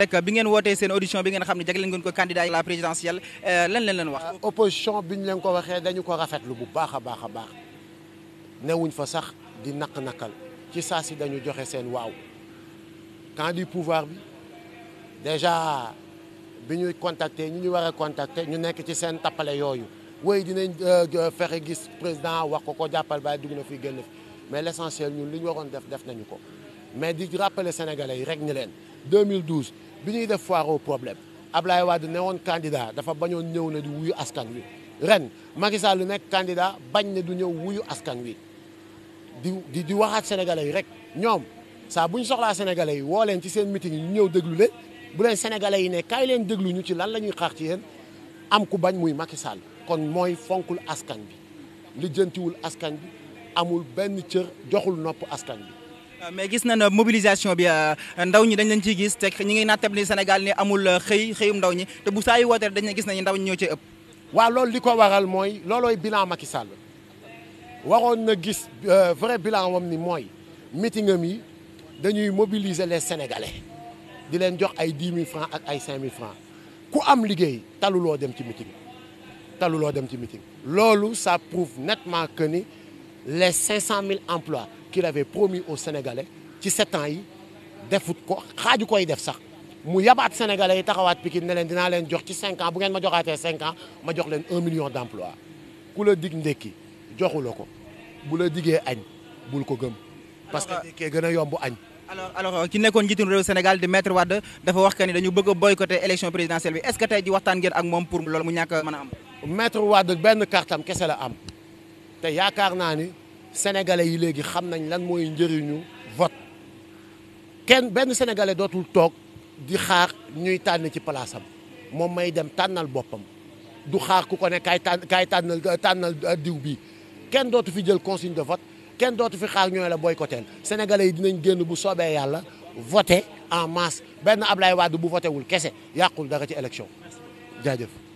rek bi ngeen wootee seen audition bi ngeen xam ne jagleel ngeen ko candidat la présidentielle euh, lan leen leen wax. Euh, opposition bi ñu leen ko waxee dañu ko lu bu baax a baax a baax newuñ fa sax di naq nakkal ci saa si dañu joxe seen waaw camp du pouvoir bi déjà bi ñuy contacter ñu ñu war a contacter ñu nekk ci seen tappale yooyu. woy dinañ euh, fexe gis président wax ko ko jàppal bàyyi dugg na fi génn fi mais l'essentiel ñun li ñu waroon def def nañu ko mais di ràppale sénégalais yi rek ni leen 2012 bi ñuy def foire au problème Ablaye Wade ne woon candidat dafa bañoo ñëw ne di wuyu askan wi ren Macky Sall lu nekk candidat bañ ne du ñëw wuyu askan wi di di waxaat sénégalais yi rek ñoom saa bu ñu soxlaa sénégalais yi woo leen ci seen mitin yi ñu ñëw déglu leen bu leen sénégalais yi ne kaay leen dégluñu ci lan la ñuy xaar ci yéen am ku bañ muy Macky Sall kon mooy fonkul askan bi lijjantiwul askan bi amul benn cër joxul nopp askan bi Euh, mais gis nañ mobilisation bi euh, ndaw ñi dañ lañ ciy gis te ñi ngi naattab ni Sénégal ni amul euh, xëy xëyum ndaw ñi te bu saa yu wootee dañ gis nañu ndaw ñi ñoo ci ëpp waaw loolu li ko waral mooy loolooy bilan Macky Sall waroon na gis vrai bilan wam ni mooy meeting am yi dañuy mobiliser les Sénégalais di leen jox ay dix mille francs ak ay cinq mille francs ku am liggéey taluloo dem ci meeting taluloo dem ci meeting loolu ça prouve nettement que ni les cinq cent mille emplois qu'il avait promis aux Sénégalais ci sept ans yi defut ko xaaju koy def sax mu yabaat Sénégalais yi taxawaat Pikine ne leen dinaa leen jox ci cinq ans bu ngeen ma joxaatee cinq ans ma jox leen un million d'emplois ku la dig ndékki joxu la ko bu la digee añ bul ko gëm parce que euh, ndékkee gën a yomb añ alors alors euh, ki nekkoon njiitu réew Sénégal di metre Wade dafa wax que ni dañu bëgg a boycotter élection présidentielle bi est-ce que tey ji waxtaan ngeen ak moom pour loolu mu ñàkk mën a am maître Wade benn kese la am sénégalais yi léegi xam nañ lan mooy njëriñu vote kenn benn sénégalais dootul toog di xaar ñuy tànn ci palaasam moom may dem tànnal boppam du xaar ku ko ne kaay tànn kaay tànnal tànnal euh, diw bi kenn dootu fi jël consigne de vote kenn dootu fi xaar ñooy la boycotté sénégalais yi dinañ génn bu soobee yàlla voté en masse benn Ablaye Wade bu voté wul kese yàqul dara ci élection jaajëf.